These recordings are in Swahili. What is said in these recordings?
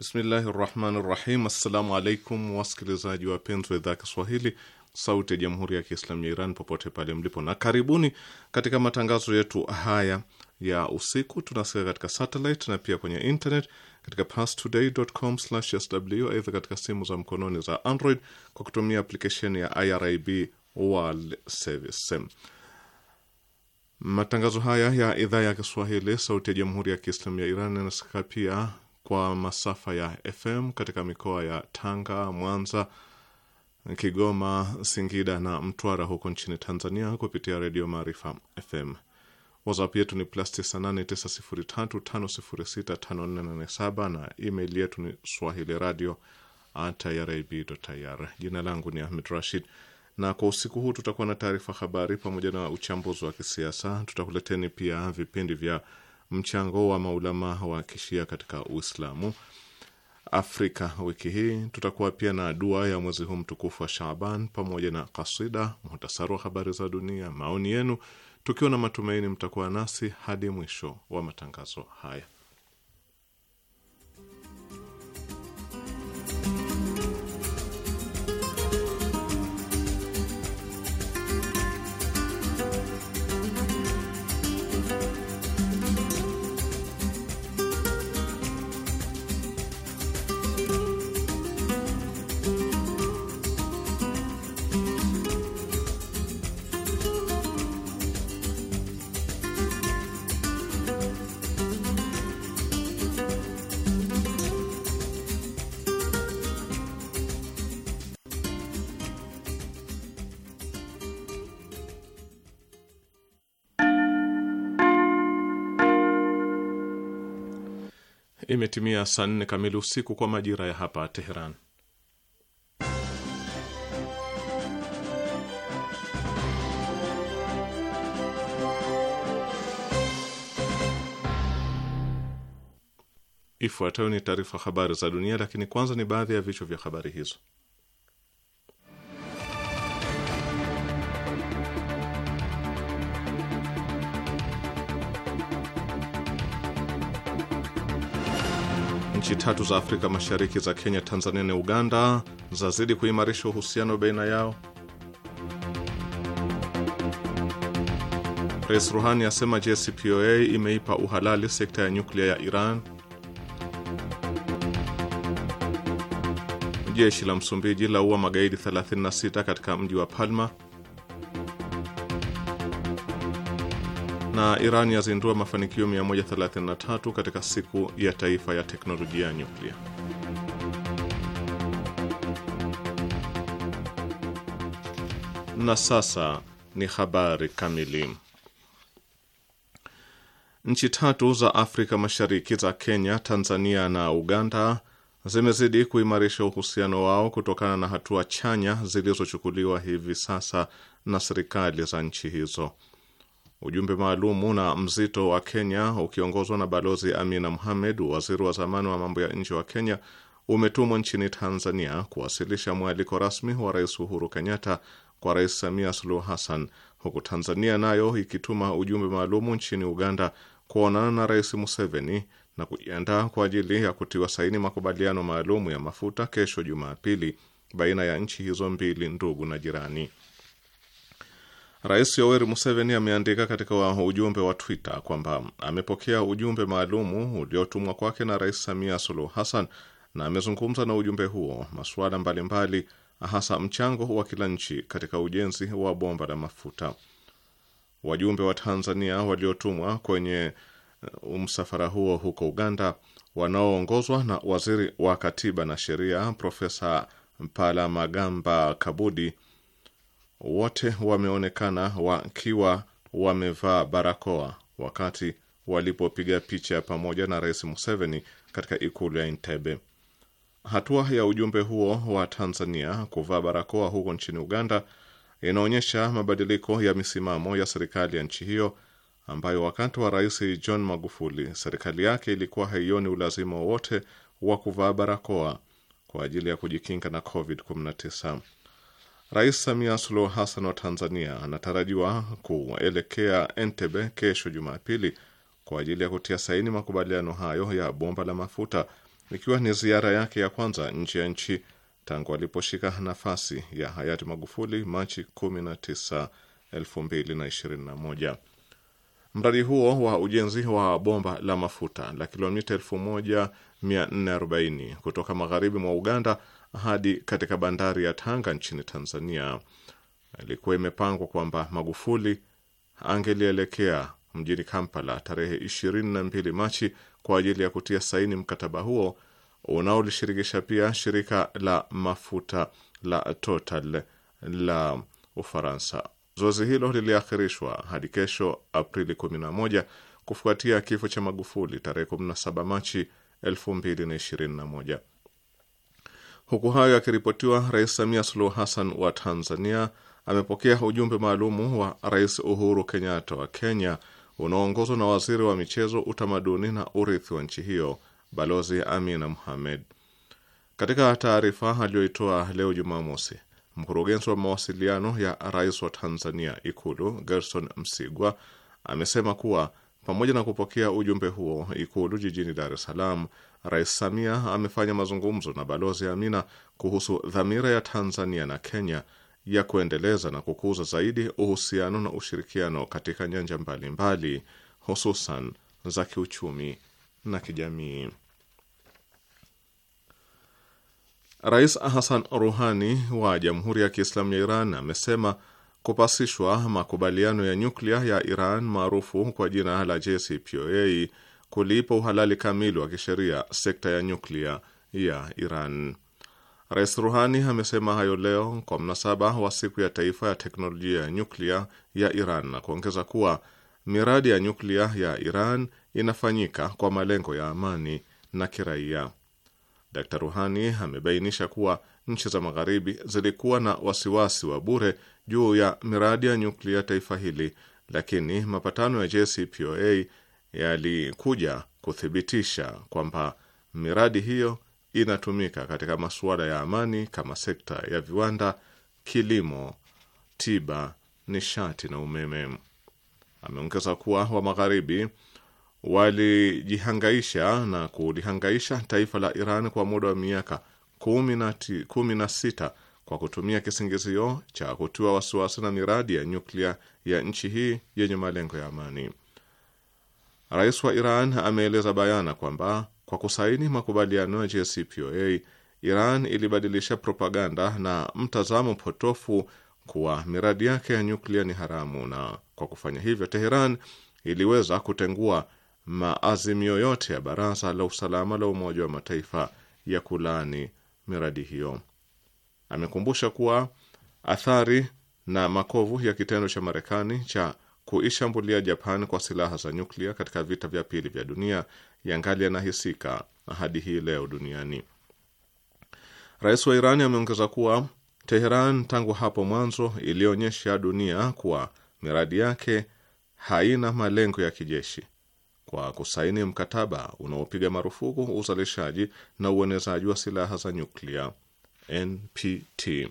Bismillahi rahmani rahim. Assalamu alaikum wasikilizaji wapenzi wa idhaa ya Kiswahili sauti ya jamhuri ya Kiislamu ya Iran popote pale mlipo, na karibuni katika matangazo yetu haya ya usiku. Tunasikia katika satellite na pia kwenye internet katika pastodaycom sw aidha katika simu za mkononi za Android kwa kutumia aplikesheni ya IRIB World Service. Matangazo haya ya idhaa ya Kiswahili sauti ya jamhuri ya Kiislamu ya Iran yanasikika pia kwa masafa ya FM katika mikoa ya Tanga, Mwanza, Kigoma, Singida na Mtwara huko nchini Tanzania kupitia Redio Maarifa FM. WhatsApp yetu ni plus 989035065487 na email yetu ni swahili radio irib.ir. Jina langu ni Ahmed Rashid, na kwa usiku huu tutakuwa na taarifa habari pamoja na uchambuzi wa kisiasa. Tutakuleteni pia vipindi vya mchango wa maulamaa wa kishia katika Uislamu Afrika wiki hii. Tutakuwa pia na dua ya mwezi huu mtukufu wa Shaaban pamoja na kasida, muhtasari wa habari za dunia, maoni yenu, tukiwa na matumaini mtakuwa nasi hadi mwisho wa matangazo haya. imetimia saa nne kamili usiku kwa majira ya hapa Teheran. Ifuatayo ni taarifa habari za dunia, lakini kwanza ni baadhi ya vichwa vya habari hizo. Nchi tatu za Afrika Mashariki za Kenya, Tanzania na Uganda zazidi kuimarisha uhusiano baina yao. Rais Ruhani asema JCPOA imeipa uhalali sekta ya nyuklia ya Iran. Jeshi la Msumbiji la ua magaidi 36 katika mji wa Palma. na Iran yazindua mafanikio 133 katika siku ya taifa ya teknolojia ya nyuklia. Na sasa ni habari kamili. Nchi tatu za Afrika Mashariki za Kenya, Tanzania na Uganda zimezidi kuimarisha uhusiano wao kutokana na hatua chanya zilizochukuliwa hivi sasa na serikali za nchi hizo. Ujumbe maalumu na mzito wa Kenya ukiongozwa na Balozi Amina Mohamed, waziri wa zamani wa mambo ya nje wa Kenya, umetumwa nchini Tanzania kuwasilisha mwaliko rasmi wa Rais Uhuru Kenyatta kwa Rais Samia Suluhu Hassan, huku Tanzania nayo ikituma ujumbe maalumu nchini Uganda kuonana na Rais Museveni na kujiandaa kwa ajili ya kutiwa saini makubaliano maalumu ya mafuta kesho Jumapili baina ya nchi hizo mbili ndugu na jirani. Rais Yoweri Museveni ameandika katika ujumbe wa Twitter kwamba amepokea ujumbe maalumu uliotumwa kwake na Rais Samia Suluhu Hassan na amezungumza na ujumbe huo masuala mbalimbali, hasa mchango wa kila nchi katika ujenzi wa bomba la mafuta. Wajumbe wa Tanzania waliotumwa kwenye uh, msafara huo huko Uganda, wanaoongozwa na waziri wa katiba na sheria Profesa Palamagamba Kabudi wote wameonekana wakiwa wamevaa barakoa wakati walipopiga picha pamoja na Rais Museveni katika ikulu ya Entebbe. Hatua ya ujumbe huo wa Tanzania kuvaa barakoa huko nchini Uganda inaonyesha mabadiliko ya misimamo ya serikali ya nchi hiyo ambayo wakati wa Rais John Magufuli serikali yake ilikuwa haioni ulazima wowote wa kuvaa barakoa kwa ajili ya kujikinga na COVID-19. Rais Samia Suluhu Hassan wa Tanzania anatarajiwa kuelekea Entebbe kesho Jumapili kwa ajili ya kutia saini makubaliano hayo ya bomba la mafuta, ikiwa ni ziara yake ya kwanza nje ya nchi tangu aliposhika nafasi ya hayati Magufuli Machi 19, 2021. Mradi huo wa ujenzi wa bomba la mafuta la kilomita 1440 kutoka magharibi mwa Uganda hadi katika bandari ya Tanga nchini Tanzania, ilikuwa imepangwa kwamba Magufuli angelielekea mjini Kampala tarehe 22 Machi kwa ajili ya kutia saini mkataba huo unaolishirikisha pia shirika la mafuta la Total la Ufaransa. Zoezi hilo liliakhirishwa hadi kesho Aprili 11 kufuatia kifo cha Magufuli tarehe 17 Machi 2021. Huku hayo yakiripotiwa, Rais Samia Suluhu Hassan wa Tanzania amepokea ujumbe maalumu wa Rais Uhuru Kenyatta wa Kenya unaoongozwa na waziri wa michezo, utamaduni na urithi wa nchi hiyo Balozi Amina Mohamed. Katika taarifa aliyoitoa leo Jumamosi, mkurugenzi wa mawasiliano ya rais wa Tanzania Ikulu Gerson Msigwa amesema kuwa pamoja na kupokea ujumbe huo Ikulu jijini Dar es Salaam, Rais Samia amefanya mazungumzo na Balozi Amina kuhusu dhamira ya Tanzania na Kenya ya kuendeleza na kukuza zaidi uhusiano na ushirikiano katika nyanja mbalimbali, hususan za kiuchumi na kijamii. Rais Hassan Rouhani wa Jamhuri ya Kiislamu ya Iran amesema kupasishwa makubaliano ya nyuklia ya Iran maarufu kwa jina la JCPOA kuliipa uhalali kamili wa kisheria sekta ya nyuklia ya Iran. Rais Ruhani amesema hayo leo kwa mnasaba wa siku ya taifa ya teknolojia ya nyuklia ya Iran na kuongeza kuwa miradi ya nyuklia ya Iran inafanyika kwa malengo ya amani na kiraia. dr Ruhani amebainisha kuwa nchi za Magharibi zilikuwa na wasiwasi wa bure juu ya miradi ya nyuklia taifa hili, lakini mapatano ya JCPOA yalikuja kuthibitisha kwamba miradi hiyo inatumika katika masuala ya amani kama sekta ya viwanda, kilimo, tiba, nishati na umeme. Ameongeza kuwa wa magharibi walijihangaisha na kulihangaisha taifa la Iran kwa muda wa miaka kumi na sita kwa kutumia kisingizio cha kutiwa wasiwasi na miradi ya nyuklia ya nchi hii yenye malengo ya amani. Rais wa Iran ameeleza bayana kwamba kwa kusaini makubaliano ya JCPOA Iran ilibadilisha propaganda na mtazamo potofu kuwa miradi yake ya nyuklia ni haramu, na kwa kufanya hivyo Teheran iliweza kutengua maazimio yote ya Baraza la Usalama la Umoja wa Mataifa ya kulaani miradi hiyo. Amekumbusha kuwa athari na makovu ya kitendo cha Marekani cha kuishambulia Japan kwa silaha za nyuklia katika vita vya pili vya dunia yangali yanahisika hadi hii leo duniani. Rais wa Irani ameongeza kuwa Teheran tangu hapo mwanzo ilionyesha dunia kuwa miradi yake haina malengo ya kijeshi kwa kusaini mkataba unaopiga marufuku uzalishaji na uenezaji wa silaha za nyuklia. NPT.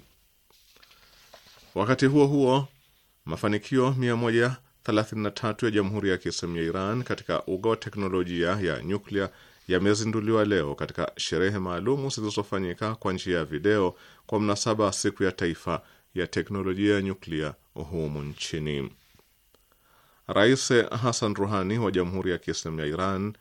Wakati huo huo, mafanikio 133 ya Jamhuri ya Kiislamu ya Iran katika uga wa teknolojia ya nyuklia yamezinduliwa leo katika sherehe maalumu zilizofanyika kwa njia ya video kwa mnasaba siku ya taifa ya teknolojia ya nyuklia humu nchini. Rais Hassan Rouhani wa Jamhuri ya Kiislamu ya Iran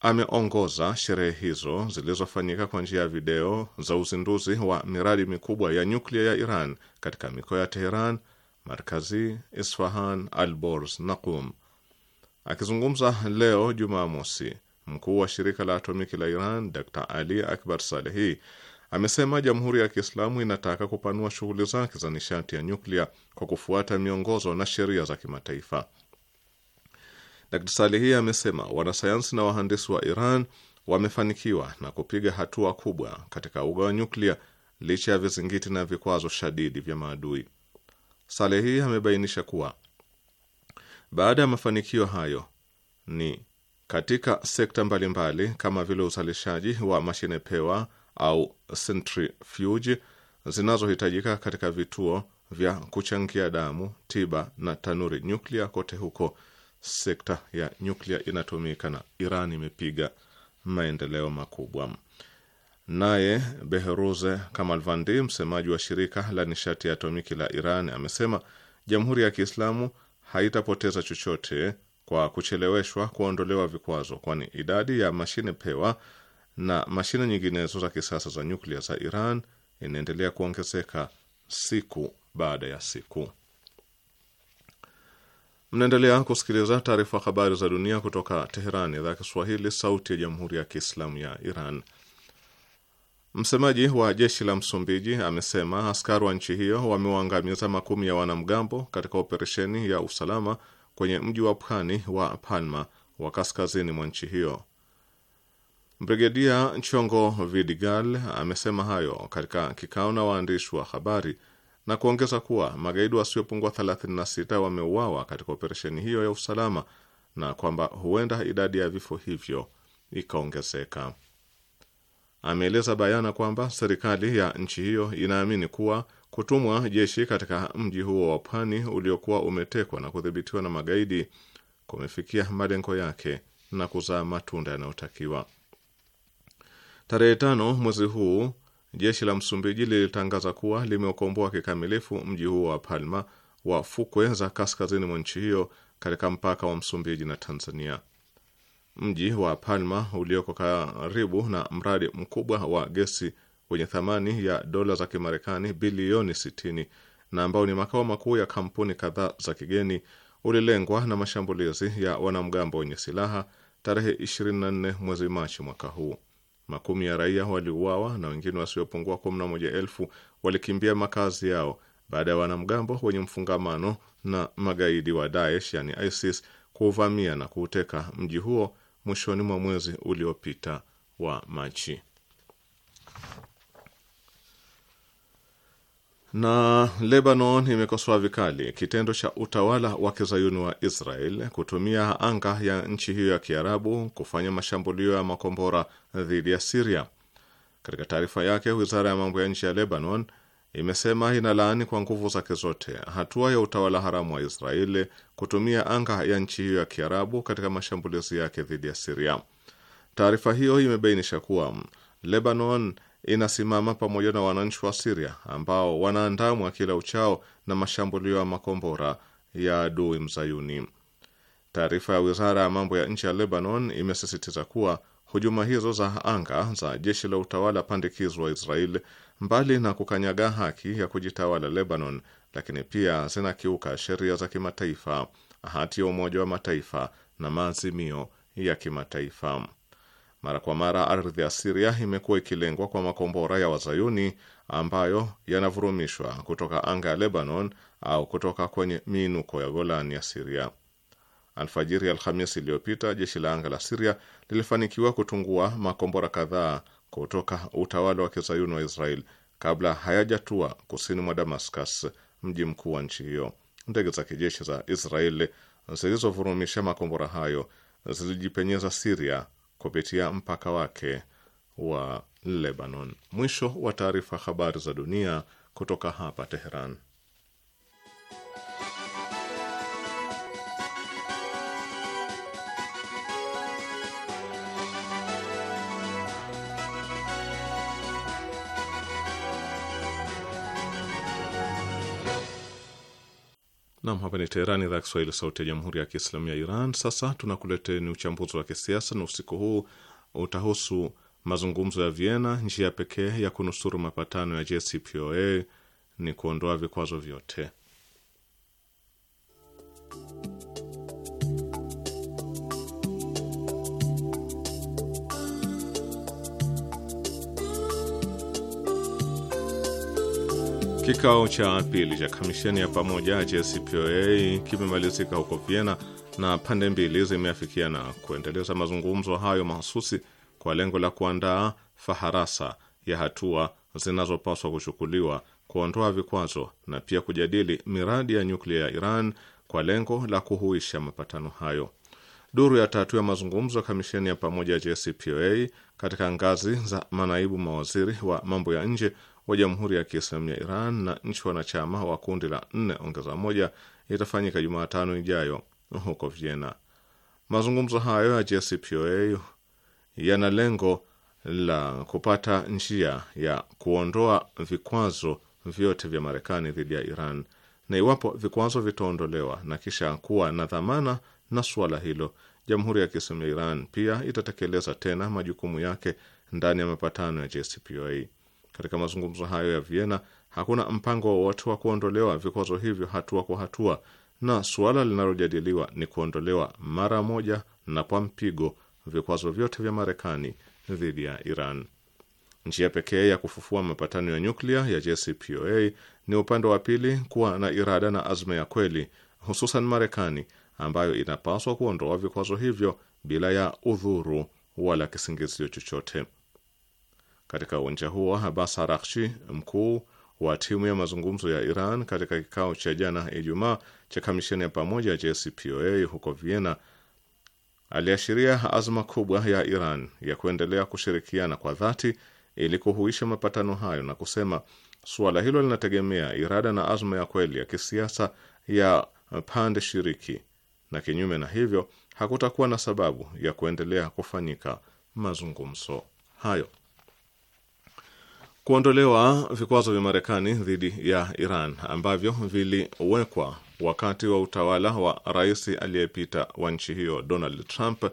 ameongoza sherehe hizo zilizofanyika kwa njia ya video za uzinduzi wa miradi mikubwa ya nyuklia ya Iran katika mikoa ya Teheran, Markazi, Isfahan, Alborz na Qum. Akizungumza leo Jumamosi, mkuu wa shirika la atomiki la Iran Dr Ali Akbar Salehi amesema Jamhuri ya Kiislamu inataka kupanua shughuli zake za nishati ya nyuklia kwa kufuata miongozo na sheria za kimataifa. Dr. Salihi amesema wanasayansi na wahandisi wa Iran wamefanikiwa na kupiga hatua kubwa katika uga wa nyuklia licha ya vizingiti na vikwazo shadidi vya maadui. Salehi amebainisha kuwa baada ya mafanikio hayo ni katika sekta mbalimbali mbali, kama vile uzalishaji wa mashine pewa au centrifuge zinazohitajika katika vituo vya kuchangia damu, tiba na tanuri nyuklia kote huko sekta ya nyuklia inatumika na Iran imepiga maendeleo makubwa. Naye Behruze Kamalvandi, msemaji wa shirika la nishati ya atomiki la Iran, amesema jamhuri ya Kiislamu haitapoteza chochote kwa kucheleweshwa kuondolewa vikwazo, kwani idadi ya mashine pewa na mashine nyinginezo za kisasa za nyuklia za Iran inaendelea kuongezeka siku baada ya siku. Mnaendelea kusikiliza taarifa habari za dunia kutoka teheran idhaa Kiswahili, sauti ya jamhuri ya kiislamu ya Iran. Msemaji wa jeshi la Msumbiji amesema askari wa nchi hiyo wamewaangamiza makumi ya wanamgambo katika operesheni ya usalama kwenye mji wa pwani wa Palma wa kaskazini mwa nchi hiyo. Brigedia Chongo Vidigal amesema hayo katika kikao na waandishi wa habari na kuongeza kuwa magaidi wasiopungua 36 wameuawa katika operesheni hiyo ya usalama na kwamba huenda idadi ya vifo hivyo ikaongezeka. Ameeleza bayana kwamba serikali ya nchi hiyo inaamini kuwa kutumwa jeshi katika mji huo wa pwani uliokuwa umetekwa na kudhibitiwa na magaidi kumefikia malengo yake na kuzaa matunda yanayotakiwa. Tarehe tano mwezi huu jeshi la Msumbiji lilitangaza kuwa limeokomboa kikamilifu mji huo wa Palma wa fukwe za kaskazini mwa nchi hiyo katika mpaka wa Msumbiji na Tanzania. Mji wa Palma ulioko karibu na mradi mkubwa wa gesi wenye thamani ya dola za Kimarekani bilioni 60 na ambao ni makao makuu ya kampuni kadhaa za kigeni ulilengwa na mashambulizi ya wanamgambo wenye silaha tarehe 24 mwezi Machi mwaka huu. Makumi ya raia waliuawa na wengine wasiopungua elfu walikimbia makazi yao baada ya wanamgambo wenye mfungamano na magaidi wa Daesh yani ISIS kuuvamia na kuuteka mji huo mwishoni mwa mwezi uliopita wa Machi. Na Lebanon imekosoa vikali kitendo cha utawala wa kizayuni wa Israel kutumia anga ya nchi hiyo ya Kiarabu kufanya mashambulio ya makombora dhidi ya Siria. Katika taarifa yake, wizara ya mambo ya nje ya Lebanon imesema inalaani kwa nguvu zake zote hatua ya utawala haramu wa Israeli kutumia anga ya nchi hiyo ya Kiarabu katika mashambulizi yake dhidi ya Siria. Taarifa hiyo imebainisha kuwa Lebanon inasimama pamoja na wananchi wa Siria ambao wanaandamwa kila uchao na mashambulio ya makombora ya adui mzayuni. Taarifa ya wizara ya mambo ya nje ya Lebanon imesisitiza kuwa hujuma hizo za anga za jeshi la utawala pandikizo wa Israel, mbali na kukanyaga haki ya kujitawala Lebanon, lakini pia zinakiuka sheria za kimataifa, hati ya Umoja wa Mataifa na maazimio ya kimataifa. Mara kwa mara ardhi ya Siria imekuwa ikilengwa kwa makombora ya Wazayuni ambayo yanavurumishwa kutoka anga ya Lebanon au kutoka kwenye miinuko ya golan ya Siria. Alfajiri ya Alhamisi iliyopita jeshi la anga la Siria lilifanikiwa kutungua makombora kadhaa kutoka utawala wa kizayuni wa Israel kabla hayajatua kusini mwa Damascus, mji mkuu wa nchi hiyo. Ndege za kijeshi za israeli zilizovurumisha makombora hayo zilijipenyeza Siria kupitia mpaka wake wa Lebanon. Mwisho wa taarifa. Habari za dunia kutoka hapa Teheran. Nam, hapa ni Teherani, idhaa ya Kiswahili, sauti ya jamhuri ya kiislamu ya Iran. Sasa tunakuleteni uchambuzi wa kisiasa na usiku huu utahusu mazungumzo ya Vienna, njia pekee ya kunusuru mapatano ya JCPOA ni kuondoa vikwazo vyote. Kikao cha pili cha kamisheni ya pamoja JCPOA kimemalizika huko Vienna na pande mbili zimeafikiana kuendeleza mazungumzo hayo mahususi kwa lengo la kuandaa faharasa ya hatua zinazopaswa kuchukuliwa kuondoa vikwazo na pia kujadili miradi ya nyuklia ya Iran kwa lengo la kuhuisha mapatano hayo. Duru ya tatu ya mazungumzo ya kamisheni ya pamoja JCPOA katika ngazi za manaibu mawaziri wa mambo ya nje wa Jamhuri ya Kiislamu ya Iran na nchi wanachama wa kundi la nne ongeza moja itafanyika Jumatano ijayo huko Vienna. Mazungumzo hayo ya JCPOA yana lengo la kupata njia ya kuondoa vikwazo vyote vya Marekani dhidi ya Iran, na iwapo vikwazo vitaondolewa na kisha kuwa na dhamana na suala hilo, Jamhuri ya Kiislamu ya Iran pia itatekeleza tena majukumu yake ndani ya mapatano ya JCPOA. Katika mazungumzo hayo ya Vienna hakuna mpango wowote wa kuondolewa vikwazo hivyo hatua kwa hatua, na suala linalojadiliwa ni kuondolewa mara moja na kwa mpigo vikwazo vyote vya Marekani dhidi ya Iran. Njia pekee ya kufufua mapatano ya nyuklia ya JCPOA ni upande wa pili kuwa na irada na azma ya kweli, hususan Marekani ambayo inapaswa kuondoa vikwazo hivyo bila ya udhuru wala kisingizio chochote. Katika uwanja huo, Abbas Araghchi, mkuu wa timu ya mazungumzo ya Iran, katika kikao cha jana Ijumaa cha kamisheni ya pamoja JCPOA huko Vienna, aliashiria azma kubwa ya Iran ya kuendelea kushirikiana kwa dhati ili kuhuisha mapatano hayo na kusema suala hilo linategemea irada na azma ya kweli ya kisiasa ya pande shiriki, na kinyume na hivyo hakutakuwa na sababu ya kuendelea kufanyika mazungumzo hayo. Kuondolewa vikwazo vya Marekani dhidi ya Iran ambavyo viliwekwa wakati wa utawala wa rais aliyepita wa nchi hiyo Donald Trump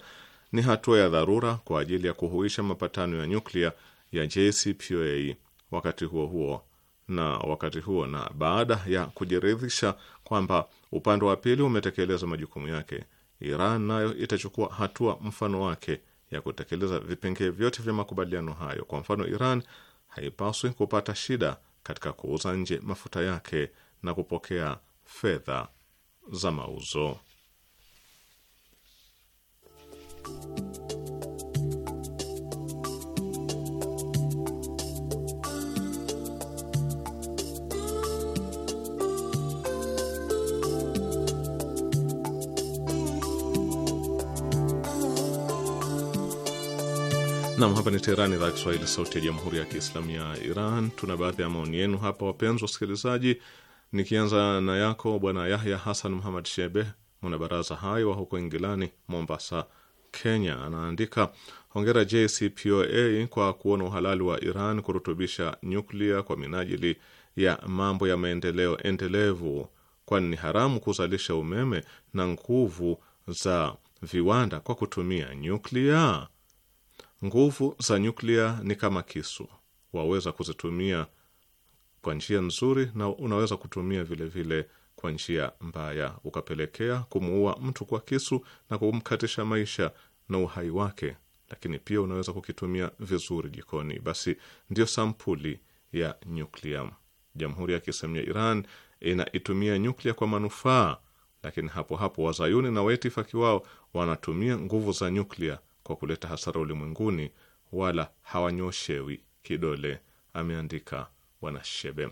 ni hatua ya dharura kwa ajili ya kuhuisha mapatano ya nyuklia ya JCPOA wakati huo huo na wakati huo na baada ya kujiridhisha kwamba upande wa pili umetekeleza majukumu yake, Iran nayo itachukua hatua mfano wake ya kutekeleza vipengee vyote vya makubaliano hayo. Kwa mfano, Iran haipaswi kupata shida katika kuuza nje mafuta yake na kupokea fedha za mauzo. Nam, hapa ni Teherani, idhaa Kiswahili, sauti ya jamhuri ya kiislamu ya Iran. Tuna baadhi ya maoni yenu hapa, wapenzi wasikilizaji, nikianza na yako bwana Yahya Hasan Muhamad Shebe, mwanabaraza hai wa huko Ingilani, Mombasa, Kenya. Anaandika, hongera JCPOA kwa kuona uhalali wa Iran kurutubisha nyuklia kwa minajili ya mambo ya maendeleo endelevu, kwani ni haramu kuzalisha umeme na nguvu za viwanda kwa kutumia nyuklia. Nguvu za nyuklia ni kama kisu, waweza kuzitumia kwa njia nzuri na unaweza kutumia vilevile vile kwa njia mbaya, ukapelekea kumuua mtu kwa kisu na kumkatisha maisha na uhai wake, lakini pia unaweza kukitumia vizuri jikoni. Basi ndiyo sampuli ya nyuklia. Jamhuri ya Kiislamu ya Iran inaitumia nyuklia kwa manufaa, lakini hapo hapo wazayuni na waitifaki wao wanatumia nguvu za nyuklia kwa kuleta hasara ulimwenguni wala hawanyoshewi kidole, ameandika Bwana Shebe.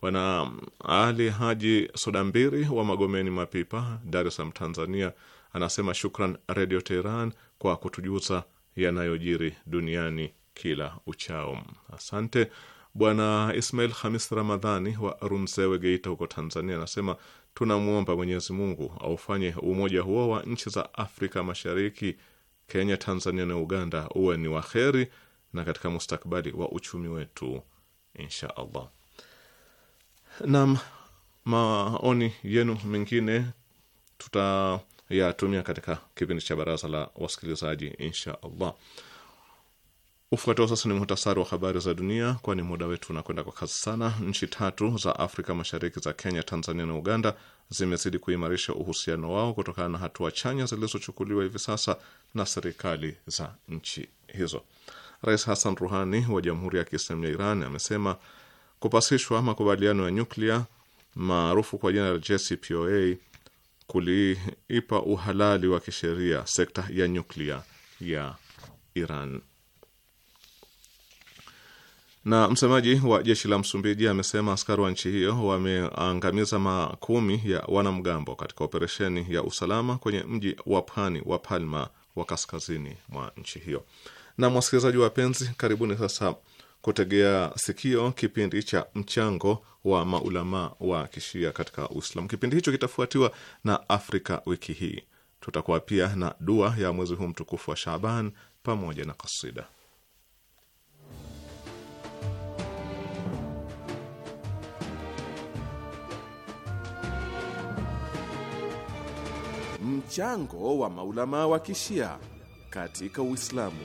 Bwana um, Ali Haji Mbiri wa Magomeni Mapipa, Dar es Salaam, Tanzania, anasema shukran Redio Teheran kwa kutujuza yanayojiri duniani kila uchao. Asante. Bwana Ismail Hamis Ramadhani wa Runzewe, Geita huko Tanzania, anasema tunamwomba Mwenyezi Mungu aufanye umoja huo wa nchi za Afrika Mashariki Kenya, Tanzania na Uganda uwe ni waheri na katika mustakbali wa uchumi wetu insha Allah. Naam, maoni yenu mengine tutayatumia katika kipindi cha baraza la wasikilizaji insha Allah. Ufuatao sasa ni muhtasari wa habari za dunia, kwani muda wetu unakwenda kwa kasi sana. Nchi tatu za Afrika Mashariki za Kenya, Tanzania na Uganda zimezidi kuimarisha uhusiano wao kutokana na hatua chanya zilizochukuliwa hivi sasa na serikali za nchi hizo. Rais Hassan Ruhani wa Jamhuri ya Kiislamu ya Iran amesema kupasishwa makubaliano ya nyuklia maarufu kwa jina la JCPOA kuliipa uhalali wa kisheria sekta ya nyuklia ya Iran. Na msemaji wa jeshi la Msumbiji amesema askari wa nchi hiyo wameangamiza makumi ya wanamgambo katika operesheni ya usalama kwenye mji wa pwani wa Palma wa kaskazini mwa nchi hiyo. Na mwasikilizaji wapenzi, karibuni sasa kutegea sikio kipindi cha mchango wa maulamaa wa kishia katika Uislamu. Kipindi hicho kitafuatiwa na Afrika wiki hii. Tutakuwa pia na dua ya mwezi huu mtukufu wa Shaaban pamoja na kasida. Mchango wa maulama wa kishia katika Uislamu.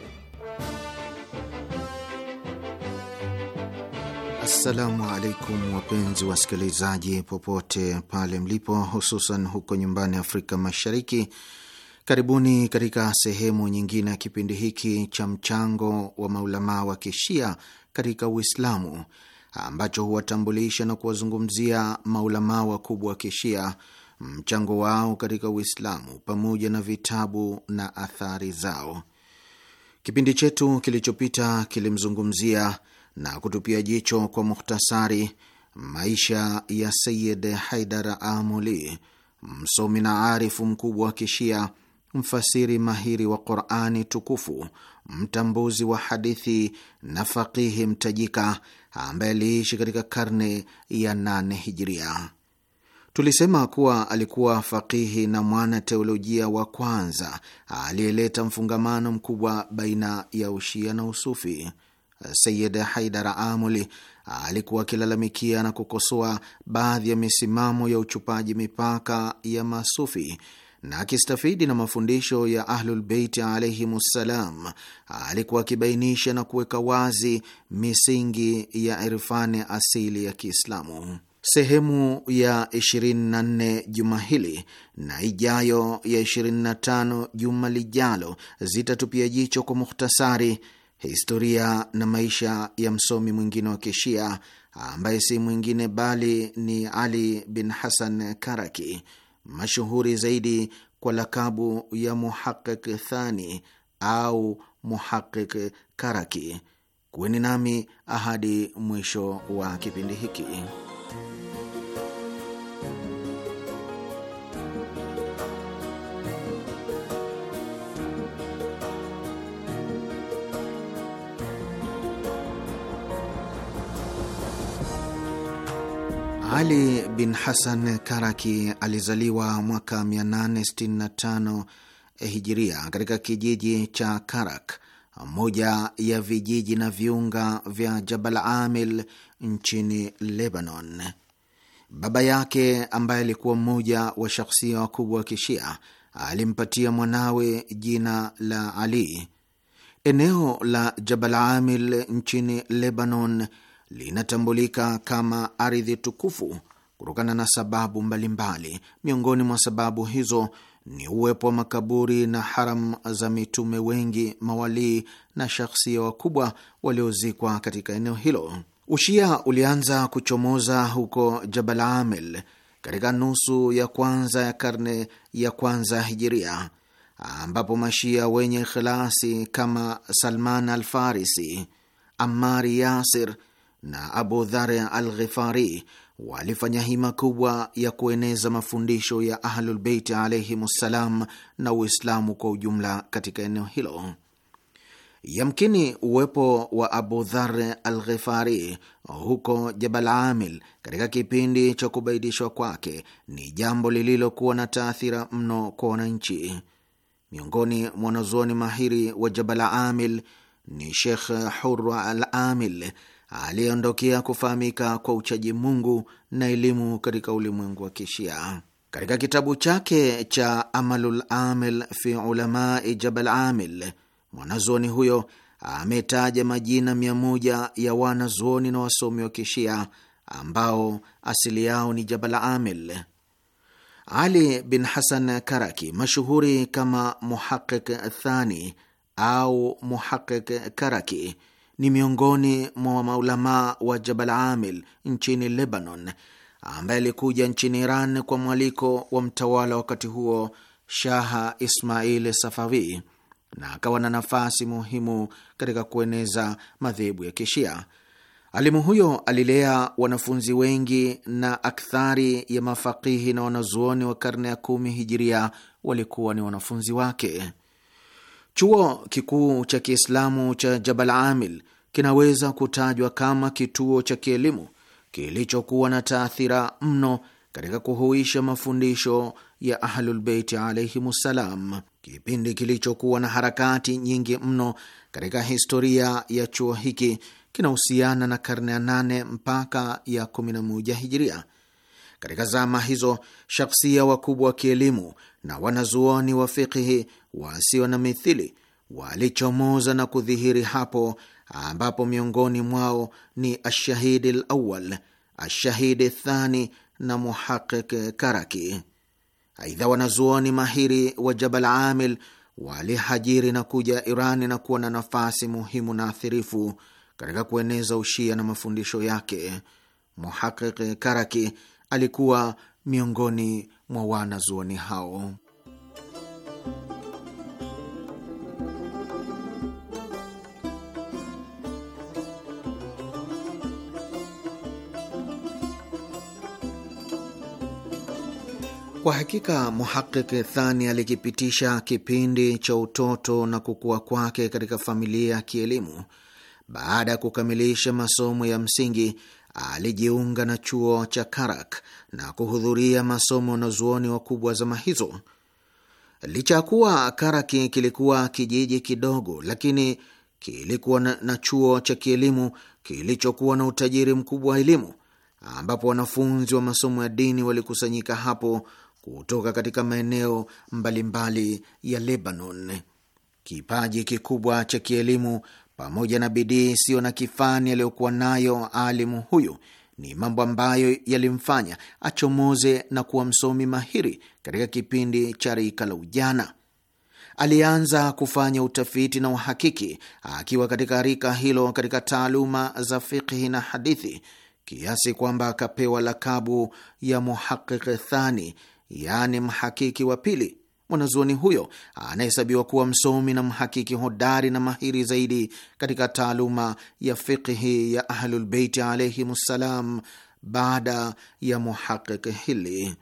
Assalamu alaikum wapenzi wasikilizaji, popote pale mlipo, hususan huko nyumbani Afrika Mashariki. Karibuni katika sehemu nyingine ya kipindi hiki cha mchango wa maulamaa wa kishia katika Uislamu ambacho huwatambulisha na kuwazungumzia maulamaa wakubwa wa kishia mchango wao katika Uislamu pamoja na vitabu na athari zao. Kipindi chetu kilichopita kilimzungumzia na kutupia jicho kwa mukhtasari maisha ya Sayid Haidar Amuli, msomi na arifu mkubwa wa Kishia, mfasiri mahiri wa Qurani Tukufu, mtambuzi wa hadithi na faqihi mtajika, ambaye aliishi katika karne ya nane Hijiria. Tulisema kuwa alikuwa fakihi na mwana teolojia wa kwanza aliyeleta mfungamano mkubwa baina ya ushia na usufi. Sayid Haidara Amuli alikuwa akilalamikia na kukosoa baadhi ya misimamo ya uchupaji mipaka ya masufi na akistafidi na mafundisho ya Ahlulbeiti alaihimussalam, alikuwa akibainisha na kuweka wazi misingi ya irfani asili ya Kiislamu sehemu ya 24 juma hili na ijayo ya 25 juma lijalo zitatupia jicho kwa muhtasari historia na maisha ya msomi mwingine wa Kishia ambaye si mwingine bali ni Ali bin Hasan Karaki, mashuhuri zaidi kwa lakabu ya Muhaqiq Thani au Muhaqiq Karaki. Kuweni nami ahadi mwisho wa kipindi hiki. Ali bin Hasan Karaki alizaliwa mwaka 865 eh, hijiria katika kijiji cha Karak moja ya vijiji na viunga vya Jabal Amil nchini Lebanon. Baba yake ambaye alikuwa mmoja wa shakhsia wakubwa wa Kishia alimpatia mwanawe jina la Ali. Eneo la Jabal Amil nchini Lebanon linatambulika kama ardhi tukufu kutokana na sababu mbalimbali. Miongoni mwa sababu hizo ni uwepo wa makaburi na haram za mitume wengi, mawalii na shakhsia wakubwa waliozikwa katika eneo hilo. Ushia ulianza kuchomoza huko Jabal Amil katika nusu ya kwanza ya karne ya kwanza Hijiria, ambapo mashia wenye khilasi kama Salman al Farisi, Amari Yasir na Abu Dhar al Ghifari walifanya hima kubwa ya kueneza mafundisho ya Ahlulbeiti alaihimussalam na Uislamu kwa ujumla katika eneo hilo. Yamkini uwepo wa Abu Dhar al Ghifari huko Jabal Amil katika kipindi cha kubaidishwa kwake ni jambo lililokuwa na taathira mno kwa wananchi. Miongoni mwa wanazuoni mahiri wa Jabal Amil ni Shekh Hurra al Amil aliyeondokea kufahamika kwa uchaji Mungu na elimu katika ulimwengu wa Kishia. Katika kitabu chake cha Amalul Amil fi Ulamai Jabal Amil, mwanazuoni huyo ametaja majina mia moja ya wanazuoni na wasomi wa Kishia ambao asili yao ni Jabal Amil. Ali bin Hasan Karaki, mashuhuri kama Muhaqiq Thani au Muhaqiq Karaki, ni miongoni mwa maulamaa wa Jabal Amil nchini Lebanon, ambaye alikuja nchini Iran kwa mwaliko wa mtawala wakati huo Shaha Ismail Safawi na akawa na nafasi muhimu katika kueneza madhehebu ya Kishia. Alimu huyo alilea wanafunzi wengi na akthari ya mafakihi na wanazuoni wa karne ya kumi hijiria walikuwa ni wanafunzi wake. Chuo kikuu cha Kiislamu cha Jabal Amil kinaweza kutajwa kama kituo cha kielimu kilichokuwa na taathira mno katika kuhuisha mafundisho ya Ahlulbeiti ssalam. kipindi kilichokuwa na harakati nyingi mno katika historia ya chuo hiki kinahusiana na karne ya nane mpaka ya kumi na moja hijiria. Katika zama hizo, shakhsia wakubwa wa kielimu na wanazuoni wa fikihi wasio na mithili walichomoza na kudhihiri hapo ambapo miongoni mwao ni Ashahidi Lawal, Ashahidi Thani na Muhaqiq Karaki. Aidha, wanazuoni mahiri wa Jabal Amil walihajiri na kuja Irani na kuwa na nafasi muhimu na athirifu katika kueneza ushia na mafundisho yake. Muhaqiq Karaki alikuwa miongoni mwa wanazuoni hao. Kwa hakika Muhaqiq Thani alikipitisha kipindi cha utoto na kukua kwake katika familia ya kielimu. Baada ya kukamilisha masomo ya msingi, alijiunga na chuo cha Karak na kuhudhuria masomo na zuoni wakubwa zama hizo. Licha ya kuwa Karaki kilikuwa kijiji kidogo, lakini kilikuwa na, na chuo cha kielimu kilichokuwa na utajiri mkubwa wa elimu ambapo wanafunzi wa masomo ya dini walikusanyika hapo kutoka katika maeneo mbalimbali ya Lebanon. Kipaji kikubwa cha kielimu pamoja na bidii isiyo na kifani aliyokuwa nayo alimu huyu ni mambo ambayo yalimfanya achomoze na kuwa msomi mahiri katika kipindi cha rika la ujana. Alianza kufanya utafiti na uhakiki akiwa katika rika hilo katika taaluma za fikhi na hadithi, kiasi kwamba akapewa lakabu ya Muhaqiqi Thani, yaani mhakiki wa pili. Mwanazuoni huyo anahesabiwa kuwa msomi na mhakiki hodari na mahiri zaidi katika taaluma ya fiqhi ya Ahlulbeiti ssalam baada ya muhaqiqi Hili.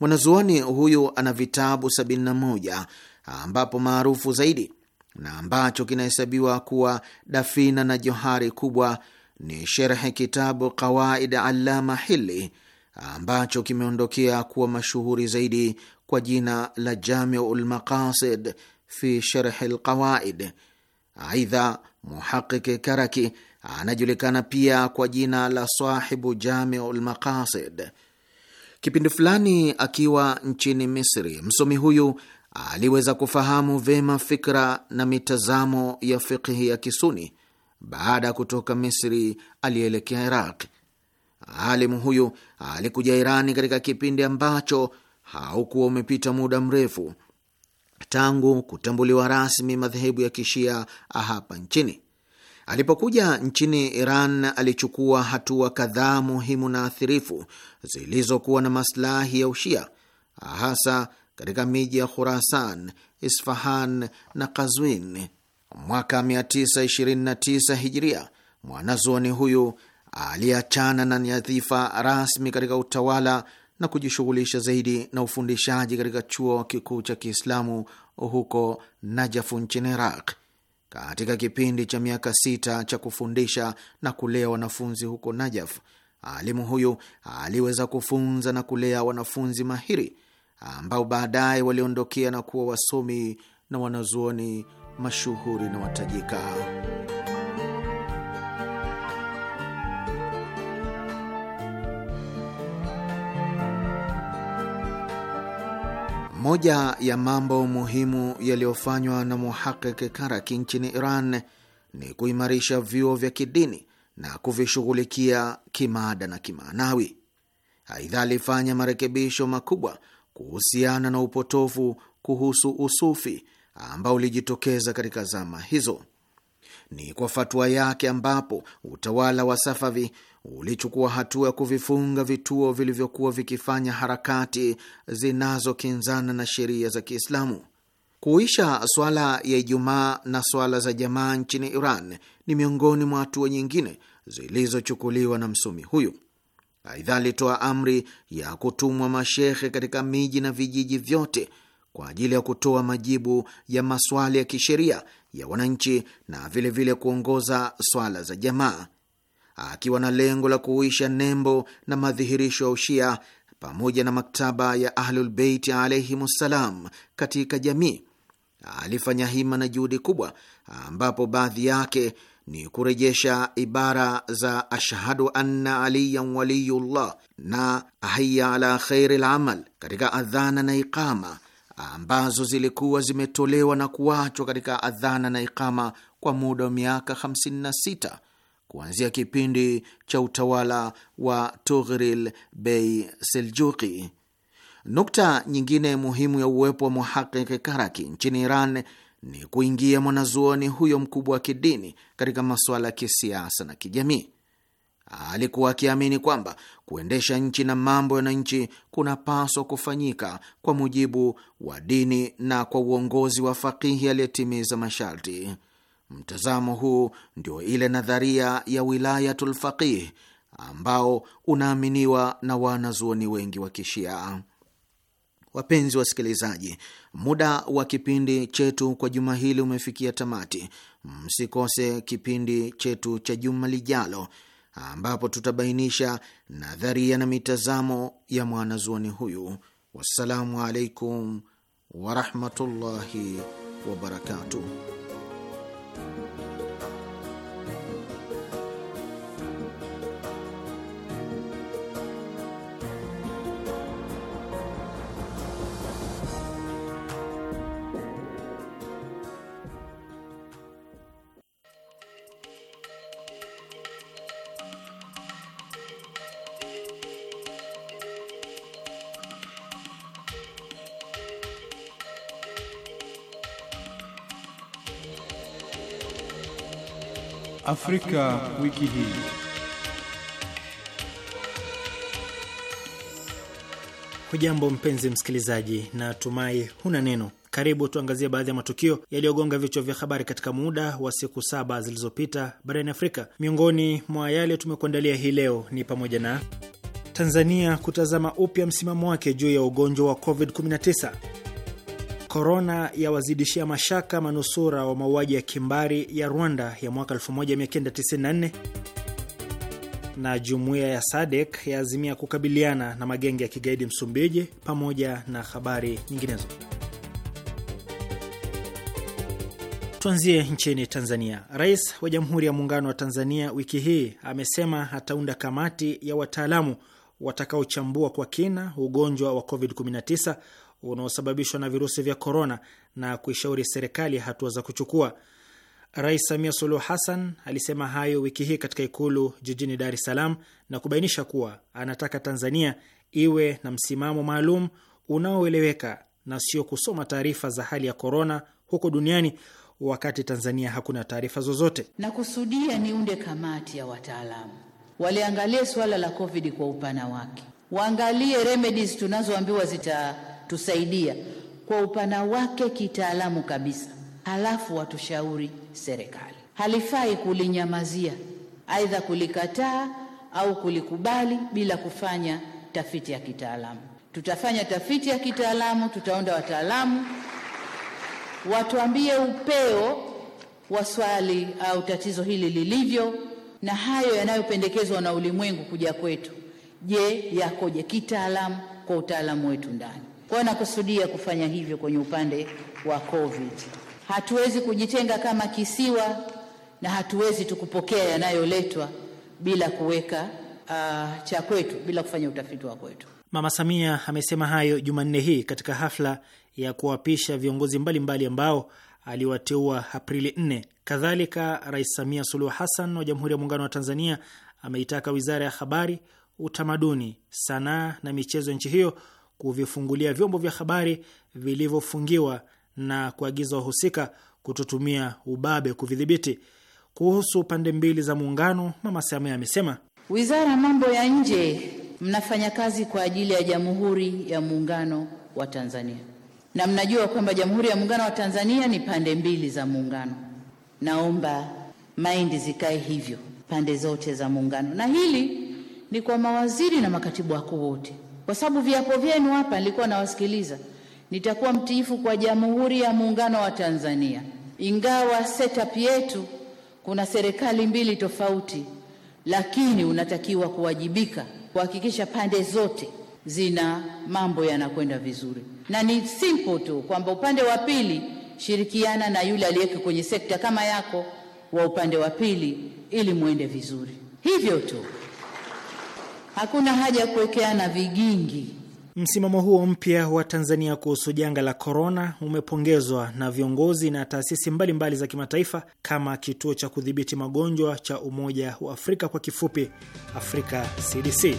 Mwanazuoni huyu ana vitabu 71 ambapo maarufu zaidi na ambacho kinahesabiwa kuwa dafina na johari kubwa ni sherhe kitabu Qawaid Allama Hili ambacho kimeondokea kuwa mashuhuri zaidi kwa jina la Jamiu lMaqasid fi Sharhi lQawaid. Aidha, Muhaqiqi Karaki anajulikana pia kwa jina la sahibu Jamiu lMaqasid. Kipindi fulani akiwa nchini Misri, msomi huyu aliweza kufahamu vema fikra na mitazamo ya fikhi ya Kisuni. Baada ya kutoka Misri, alielekea Iraq. Alimu huyu alikuja Irani katika kipindi ambacho haukuwa umepita muda mrefu tangu kutambuliwa rasmi madhehebu ya kishia hapa nchini. Alipokuja nchini Iran, alichukua hatua kadhaa muhimu na athirifu zilizokuwa na maslahi ya Ushia, hasa katika miji ya Khurasan, Isfahan na Kazwin. Mwaka 929 Hijria, mwanazuoni huyu aliachana na nyadhifa rasmi katika utawala na kujishughulisha zaidi na ufundishaji katika chuo kikuu cha Kiislamu huko Najafu nchini Iraq. Katika kipindi cha miaka sita cha kufundisha na kulea wanafunzi huko Najaf, alimu huyu aliweza kufunza na kulea wanafunzi mahiri ambao baadaye waliondokea na kuwa wasomi na wanazuoni mashuhuri na watajika. Moja ya mambo muhimu yaliyofanywa na Muhaqiq Karaki nchini Iran ni kuimarisha vyuo vya kidini na kuvishughulikia kimaada na kimaanawi. Aidha, alifanya marekebisho makubwa kuhusiana na upotofu kuhusu usufi ambao ulijitokeza katika zama hizo. Ni kwa fatua yake ambapo utawala wa Safavi ulichukua hatua ya kuvifunga vituo vilivyokuwa vikifanya harakati zinazokinzana na sheria za Kiislamu. Kuisha swala ya Ijumaa na swala za jamaa nchini Iran ni miongoni mwa hatua nyingine zilizochukuliwa na msomi huyu. Aidha, alitoa amri ya kutumwa mashehe katika miji na vijiji vyote kwa ajili ya kutoa majibu ya maswali ya kisheria ya wananchi na vilevile vile kuongoza swala za jamaa akiwa na lengo la kuuisha nembo na madhihirisho ya Ushia pamoja na maktaba ya Ahlulbeiti alaihimussalam katika jamii. Alifanya hima na juhudi kubwa, ambapo baadhi yake ni kurejesha ibara za ashhadu anna aliyan waliyullah na haya ala khairi lamal katika adhana na iqama ambazo zilikuwa zimetolewa na kuachwa katika adhana na iqama kwa muda wa miaka 56 kuanzia kipindi cha utawala wa Tughril Bei Seljuki. Nukta nyingine muhimu ya uwepo wa Muhaqiki Karaki nchini Iran ni kuingia mwanazuoni huyo mkubwa wa kidini katika masuala ya kisiasa na kijamii. Alikuwa akiamini kwamba kuendesha nchi na mambo ya wananchi kunapaswa kufanyika kwa mujibu wa dini na kwa uongozi wa fakihi aliyetimiza masharti. Mtazamo huu ndio ile nadharia ya wilayatul faqih ambao unaaminiwa na wanazuoni wengi wa Kishia. Wapenzi wasikilizaji, muda wa kipindi chetu kwa juma hili umefikia tamati. Msikose kipindi chetu cha juma lijalo, ambapo tutabainisha nadharia na mitazamo ya mwanazuoni huyu. Wassalamu alaikum warahmatullahi wabarakatuh. Afrika wiki hii. Hujambo mpenzi msikilizaji, na tumai huna neno. Karibu tuangazie baadhi ya matukio yaliyogonga vichwa vya habari katika muda wa siku saba zilizopita barani Afrika. Miongoni mwa yale tumekuandalia hii leo ni pamoja na Tanzania kutazama upya msimamo wake juu ya ugonjwa wa COVID-19 Korona yawazidishia mashaka manusura wa mauaji ya kimbari ya Rwanda ya mwaka 1994 na jumuiya ya SADC yaazimia kukabiliana na magenge ya kigaidi Msumbiji, pamoja na habari nyinginezo. Tuanzie nchini Tanzania. Rais wa Jamhuri ya Muungano wa Tanzania wiki hii amesema ataunda kamati ya wataalamu watakaochambua kwa kina ugonjwa wa COVID-19 unaosababishwa na virusi vya korona na kuishauri serikali hatua za kuchukua. Rais Samia Suluhu Hassan alisema hayo wiki hii katika ikulu jijini Dar es Salaam na kubainisha kuwa anataka Tanzania iwe na msimamo maalum unaoeleweka na sio kusoma taarifa za hali ya korona huko duniani wakati Tanzania hakuna taarifa zozote. Nakusudia niunde kamati ya wataalamu waliangalie suala la COVID kwa upana wake, waangalie remedies tunazoambiwa zita watatusaidia kwa upana wake kitaalamu kabisa, halafu watushauri serikali. Halifai kulinyamazia, aidha kulikataa au kulikubali bila kufanya tafiti ya kitaalamu. Tutafanya tafiti ya kitaalamu, tutaonda wataalamu watuambie upeo wa swali au tatizo hili lilivyo, na hayo yanayopendekezwa na ulimwengu kuja kwetu, je, yakoje kitaalamu, kwa utaalamu wetu ndani. Kwa nakusudia kufanya hivyo kwenye upande wa COVID. Hatuwezi kujitenga kama kisiwa na hatuwezi tukupokea yanayoletwa bila kuweka uh, cha kwetu bila kufanya utafiti wa kwetu. Mama Samia amesema hayo Jumanne hii katika hafla ya kuwapisha viongozi mbalimbali mbali ambao aliwateua Aprili 4. Kadhalika, Rais Samia Suluhu Hassan wa Jamhuri ya Muungano wa Tanzania ameitaka Wizara ya Habari, Utamaduni, Sanaa na Michezo ya nchi hiyo kuvifungulia vyombo vya habari vilivyofungiwa na kuagiza wahusika kutotumia ubabe kuvidhibiti. Kuhusu pande mbili za muungano, Mama Samia amesema wizara ya mambo ya nje, mnafanya kazi kwa ajili ya Jamhuri ya Muungano wa Tanzania, na mnajua kwamba Jamhuri ya Muungano wa Tanzania ni pande mbili za muungano. Naomba maindi zikae hivyo pande zote za muungano, na hili ni kwa mawaziri na makatibu wakuu wote kwa sababu viapo vyenu hapa nilikuwa nawasikiliza. Nitakuwa mtiifu kwa Jamhuri ya Muungano wa Tanzania, ingawa setup yetu kuna serikali mbili tofauti, lakini unatakiwa kuwajibika kuhakikisha pande zote zina mambo yanakwenda vizuri, na ni simple tu kwamba upande wa pili shirikiana na yule aliyeko kwenye sekta kama yako wa upande wa pili, ili muende vizuri, hivyo tu hakuna haja ya kuwekeana vigingi. Msimamo huo mpya wa Tanzania kuhusu janga la korona umepongezwa na viongozi na taasisi mbalimbali mbali za kimataifa kama kituo cha kudhibiti magonjwa cha Umoja wa Afrika, kwa kifupi Afrika CDC.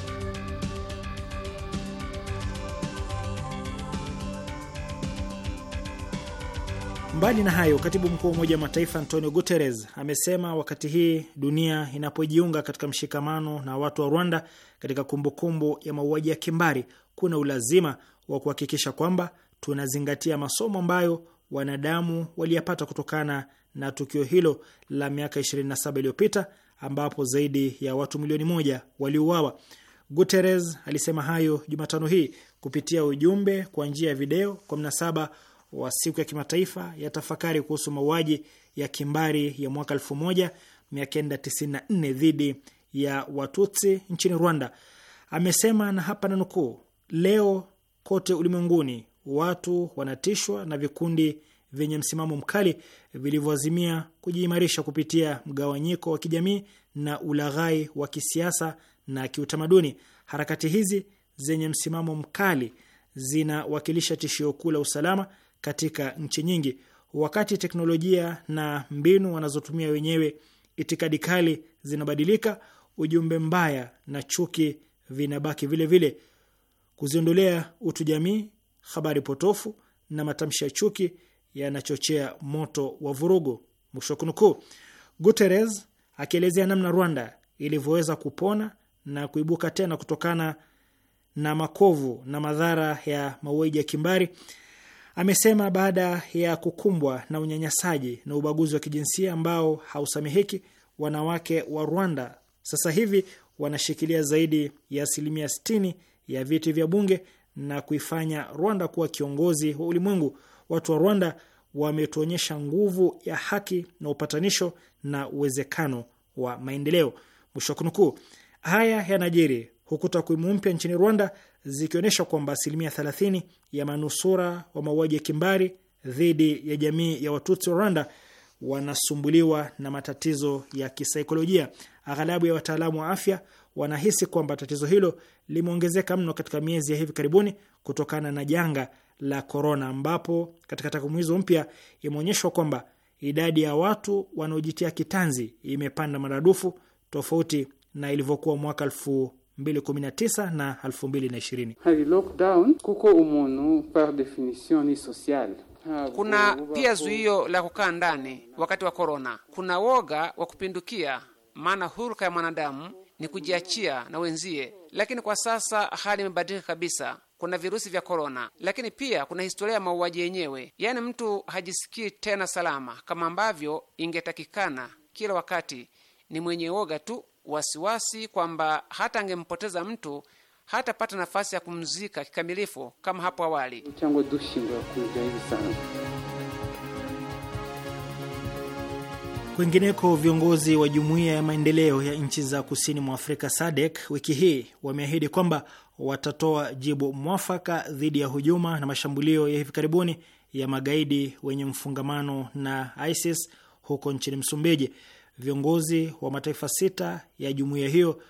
Mbali na hayo, katibu mkuu wa Umoja wa Mataifa Antonio Guterres amesema wakati hii dunia inapojiunga katika mshikamano na watu wa Rwanda katika kumbukumbu kumbu ya mauaji ya kimbari, kuna ulazima wa kuhakikisha kwamba tunazingatia masomo ambayo wanadamu waliyapata kutokana na tukio hilo la miaka 27 iliyopita ambapo zaidi ya watu milioni moja waliuawa. Guterres alisema hayo Jumatano hii kupitia ujumbe kwa njia ya video kwa mnasaba wa siku ya kimataifa ya tafakari kuhusu mauaji ya kimbari ya mwaka 1994 dhidi ya Watutsi nchini Rwanda amesema, na hapa nukuu, leo kote ulimwenguni watu wanatishwa na vikundi vyenye msimamo mkali vilivyoazimia kujiimarisha kupitia mgawanyiko wa kijamii na ulaghai wa kisiasa na kiutamaduni. Harakati hizi zenye msimamo mkali zinawakilisha tishio kuu la usalama katika nchi nyingi, wakati teknolojia na mbinu wanazotumia wenyewe, itikadi kali zinabadilika, ujumbe mbaya na chuki vinabaki vile vile. Kuziondolea utu jamii, habari potofu na matamshi ya chuki yanachochea moto wa vurugu, mwisho kunukuu. Guterres akielezea namna Rwanda ilivyoweza kupona na kuibuka tena kutokana na makovu na madhara ya mauaji ya kimbari Amesema baada ya kukumbwa na unyanyasaji na ubaguzi wa kijinsia ambao hausamihiki wanawake wa Rwanda sasa hivi wanashikilia zaidi ya asilimia 60 ya viti vya bunge na kuifanya Rwanda kuwa kiongozi wa ulimwengu. Watu wa Rwanda wametuonyesha nguvu ya haki na upatanisho na uwezekano wa maendeleo, mwisho wa kunukuu. Haya yanajiri huku takwimu mpya nchini Rwanda zikionyesha kwamba asilimia 30 ya manusura wa mauaji ya kimbari dhidi ya jamii ya Watutsi wa Rwanda wanasumbuliwa na matatizo ya kisaikolojia. Aghalabu ya wataalamu wa afya wanahisi kwamba tatizo hilo limeongezeka mno katika miezi ya hivi karibuni kutokana na janga la korona, ambapo katika takwimu hizo mpya imeonyeshwa kwamba idadi ya watu wanaojitia kitanzi imepanda maradufu tofauti na ilivyokuwa mwaka elfu 2019 na 2020. lockdown kuko umuntu par definition ni social kuna pia zuio la kukaa ndani wakati wa korona. Kuna woga wa kupindukia, maana huruka ya mwanadamu ni kujiachia na wenzie, lakini kwa sasa hali imebadilika kabisa. Kuna virusi vya korona, lakini pia kuna historia ya mauaji yenyewe, yaani mtu hajisikii tena salama kama ambavyo ingetakikana. Kila wakati ni mwenye woga tu wasiwasi kwamba hata angempoteza mtu hatapata nafasi ya kumzika kikamilifu kama hapo awali. Kwingineko, viongozi wa jumuiya ya maendeleo ya nchi za kusini mwa Afrika SADC wiki hii wameahidi kwamba watatoa jibu mwafaka dhidi ya hujuma na mashambulio ya hivi karibuni ya magaidi wenye mfungamano na ISIS huko nchini Msumbiji viongozi wa mataifa sita ya jumuiya hiyo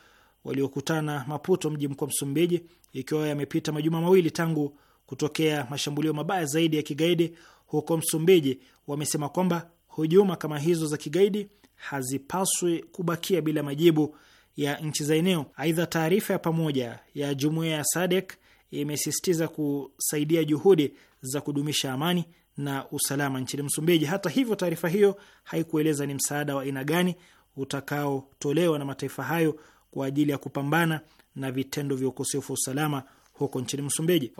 waliokutana Maputo, mji mkuu wa Msumbiji, ikiwa yamepita majuma mawili tangu kutokea mashambulio mabaya zaidi ya kigaidi huko Msumbiji, wamesema kwamba hujuma kama hizo za kigaidi hazipaswi kubakia bila majibu ya nchi za eneo. Aidha, taarifa ya pamoja ya jumuiya ya SADC imesisitiza kusaidia juhudi za kudumisha amani na usalama nchini Msumbiji. Hata hivyo, taarifa hiyo haikueleza ni msaada wa aina gani utakaotolewa na mataifa hayo kwa ajili ya kupambana na vitendo vya ukosefu wa usalama huko nchini Msumbiji.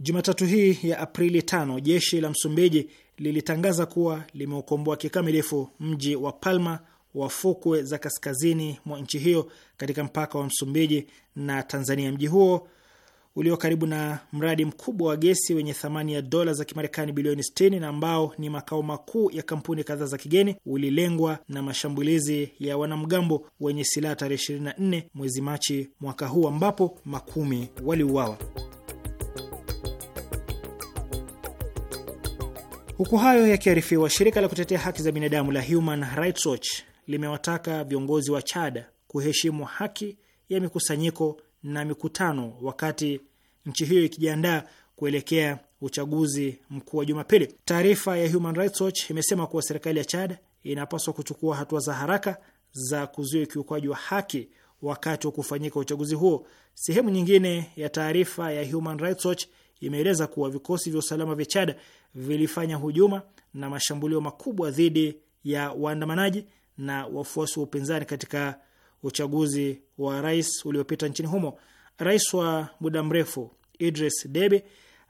Jumatatu hii ya Aprili tano, jeshi la Msumbiji lilitangaza kuwa limeukomboa kikamilifu mji wa Palma wa fukwe za kaskazini mwa nchi hiyo katika mpaka wa Msumbiji na Tanzania. Mji huo ulio karibu na mradi mkubwa wa gesi wenye thamani ya dola za Kimarekani bilioni 60 na ambao ni makao makuu ya kampuni kadhaa za kigeni ulilengwa na mashambulizi ya wanamgambo wenye silaha tarehe 24 mwezi Machi mwaka huu ambapo makumi waliuawa. Huku hayo yakiarifiwa, shirika la kutetea haki za binadamu la Human Rights Watch limewataka viongozi wa Chada kuheshimu haki ya mikusanyiko na mikutano wakati nchi hiyo ikijiandaa kuelekea uchaguzi mkuu wa Jumapili. Taarifa ya Human Rights Watch imesema kuwa serikali ya Chad inapaswa kuchukua hatua za haraka za kuzuia ukiukwaji wa haki wakati wa kufanyika uchaguzi huo. Sehemu nyingine ya taarifa ya Human Rights Watch imeeleza kuwa vikosi vya usalama vya Chad vilifanya hujuma na mashambulio makubwa dhidi ya waandamanaji na wafuasi wa upinzani katika uchaguzi wa rais uliopita nchini humo. Rais wa muda mrefu Idris Debi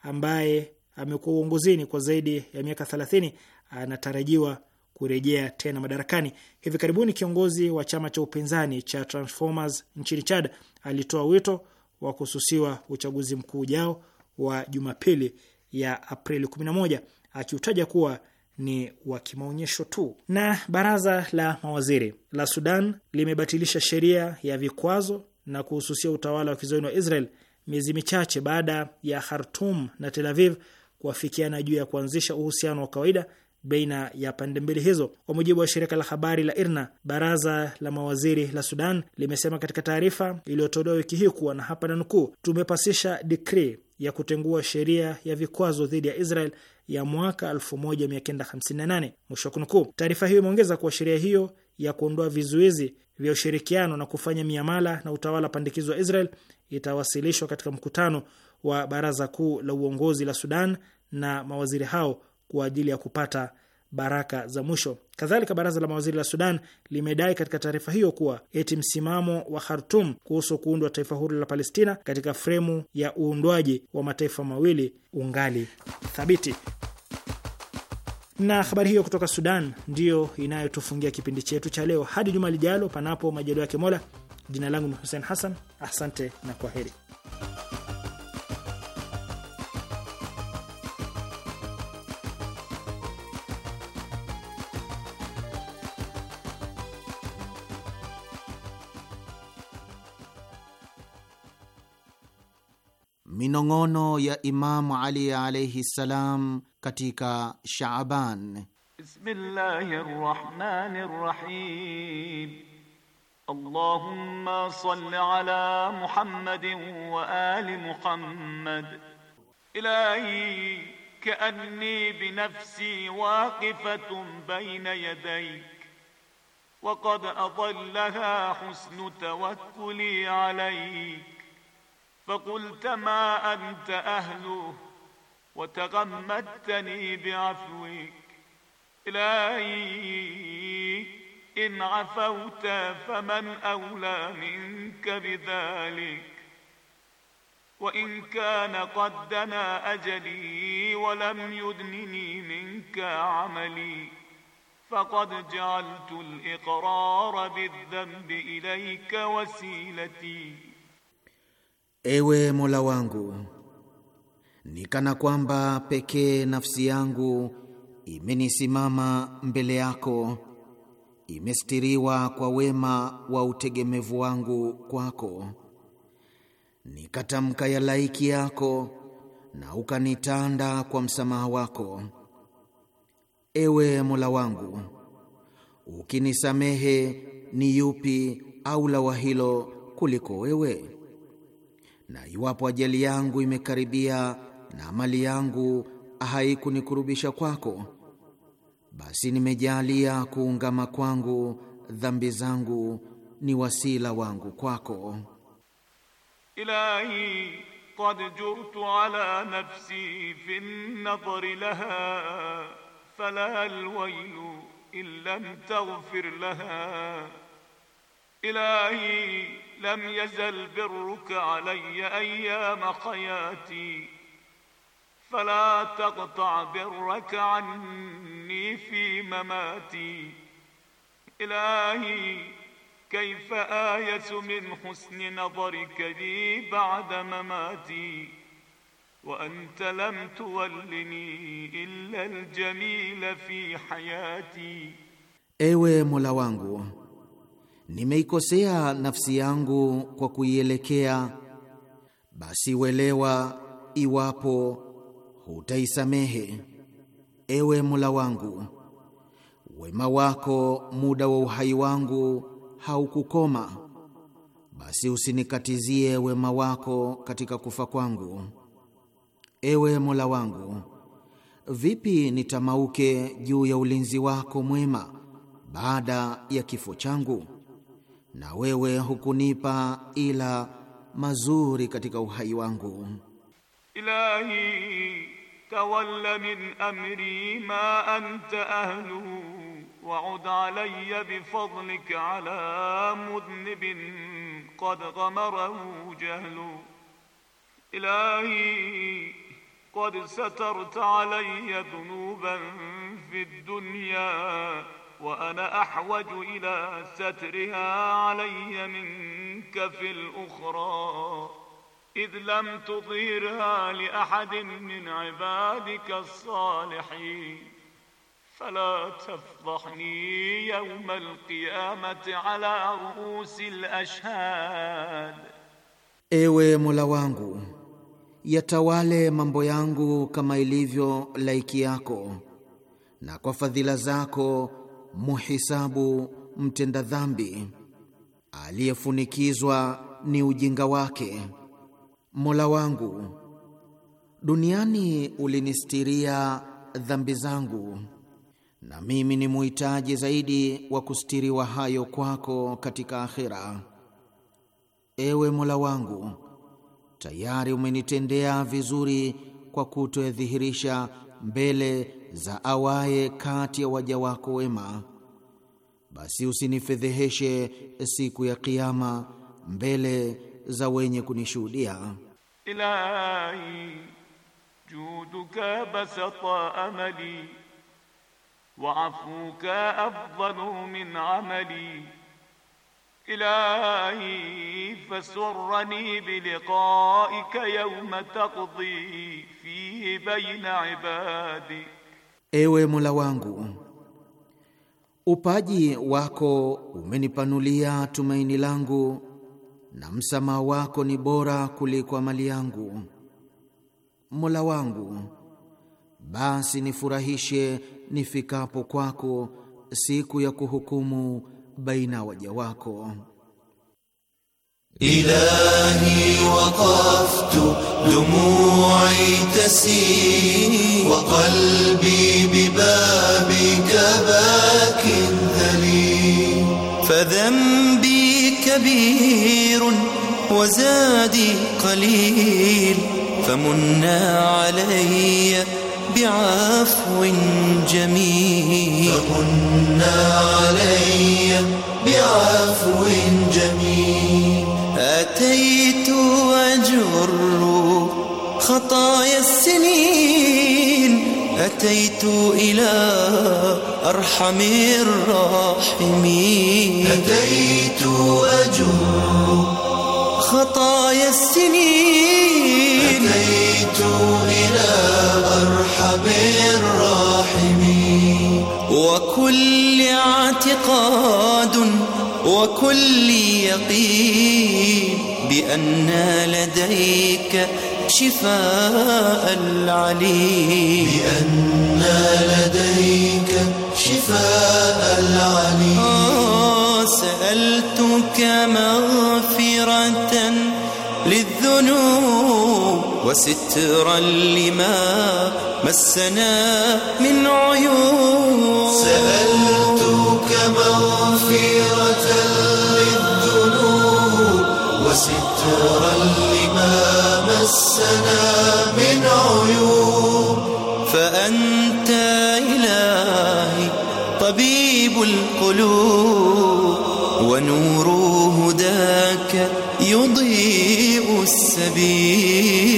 ambaye amekuwa uongozini kwa zaidi ya miaka thelathini anatarajiwa kurejea tena madarakani hivi karibuni. Kiongozi wa chama cha upinzani cha Transformers nchini Chad alitoa wito wa kususiwa uchaguzi mkuu ujao wa Jumapili ya Aprili 11 akiutaja kuwa ni wa kimaonyesho tu. Na baraza la mawaziri la Sudan limebatilisha sheria ya vikwazo na kuhususia utawala wa kizayuni wa Israel miezi michache baada ya Khartum na Tel Aviv kuafikiana juu ya kuanzisha uhusiano wa kawaida baina ya pande mbili hizo. Kwa mujibu wa shirika la habari la IRNA, baraza la mawaziri la Sudan limesema katika taarifa iliyotolewa wiki hii kuwa na hapa na nukuu, tumepasisha dikri ya kutengua sheria ya vikwazo dhidi ya Israel ya mwaka 1958, mwisho wa kunukuu. Taarifa hiyo imeongeza kuwa sheria hiyo ya kuondoa vizuizi vya ushirikiano na kufanya miamala na utawala pandikizo wa Israel itawasilishwa katika mkutano wa baraza kuu la uongozi la Sudan na mawaziri hao kwa ajili ya kupata baraka za mwisho. Kadhalika, baraza la mawaziri la Sudan limedai katika taarifa hiyo kuwa eti msimamo wa Khartum kuhusu kuundwa taifa huru la Palestina katika fremu ya uundwaji wa mataifa mawili ungali thabiti. Na habari hiyo kutoka Sudan ndiyo inayotufungia kipindi chetu cha leo. Hadi juma lijalo, panapo majaliwa yake Mola. Jina langu ni Hussein Hassan, asante na kwa heri minong'ono ya Imamu Ali alaihi ssalam katika Shaaban. Bismillahi rahmani rahim. Allahumma salli ala Muhammadin wa ali Muhammad. Ilahi kaanni binafsi waqifatun bayna yadayk وقد أضلها حسن توكلي عليك فقلت ما أنت أهله وتغمدتني بعفوك إلهي إن عفوت فمن أولى منك بذلك وإن كان قد دنا أجلي ولم يدنني منك عملي فقد جعلت الإقرار بالذنب إليك وسيلتي Ewe Mola wangu, nikana kwamba pekee nafsi yangu imenisimama mbele yako, imestiriwa kwa wema wa utegemevu wangu kwako, nikatamka ya laiki yako na ukanitanda kwa msamaha wako. Ewe Mola wangu, ukinisamehe ni yupi au la wa hilo kuliko wewe? na iwapo ajali yangu imekaribia na mali yangu haikunikurubisha kwako, basi nimejalia kuungama kwangu dhambi zangu ni wasila wangu kwako. Ilahi qad jurtu ala nafsi fi nadhari laha fala alwaylu an taghfir laha ilahi لم يزل برك علي أيام حياتي فلا تقطع برك عني في مماتي إلهي كيف آيس من حسن نظرك لي بعد مماتي وأنت لم تولني إلا الجميل في حياتي ايوه مولا وانغو nimeikosea nafsi yangu kwa kuielekea, basi welewa iwapo hutaisamehe. Ewe Mola wangu, wema wako muda wa uhai wangu haukukoma, basi usinikatizie wema wako katika kufa kwangu. Ewe Mola wangu, vipi nitamauke juu ya ulinzi wako mwema baada ya kifo changu? na wewe hukunipa ila mazuri katika uhai wangu. Ilahi tawalla min amri ma anta ahlu wa ud alayya bi fadlik ala mudnibin qad ghamarahu jahlu ilahi qad satarta alayya dhunuban fi dunya wa ana ahwaju ila satriha alayya minka fil ukhra idh lam tudhirha li ahadin min ibadika salihin fala tafdhahni yawma al ala ruusi al Ewe Mola wangu yatawale mambo yangu kama ilivyo laiki yako, na kwa fadhila zako muhisabu mtenda dhambi, aliyefunikizwa ni ujinga wake. Mola wangu, duniani ulinistiria dhambi zangu, na mimi ni muhitaji zaidi wa kustiriwa hayo kwako katika akhira. Ewe Mola wangu, tayari umenitendea vizuri kwa kutoyadhihirisha mbele za awaye kati ya waja wako wema, basi usinifedheheshe siku ya Kiyama mbele za wenye kunishuhudia. Ilahi juduka basata amali wa afuka afdalu min amali Ilahi fasurrani biliqaika yawma taqdi fihi bayna ibadi Ewe Mola wangu, upaji wako umenipanulia tumaini langu, na msamaha wako ni bora kuliko amali yangu. Mola wangu, basi nifurahishe nifikapo kwako siku ya kuhukumu baina waja wako. إلهي وقفت دموعي تسيل وقلبي ببابك باك ذليل فذنبي كبير وزادي قليل فمنا علي بعفو جميل فمنا علي بعفو جميل أتيت أجر خطايا السنين أتيت إلى أرحم الراحمين أتيت أجر خطايا السنين أتيت إلى أرحم الراحمين وكل اعتقاد وكل يقين بأن لديك شفاء العليم بأن لديك شفاء العليم آه، سألتك مغفرة للذنوب وسترا لما مسنا من عيوب سألتك النبي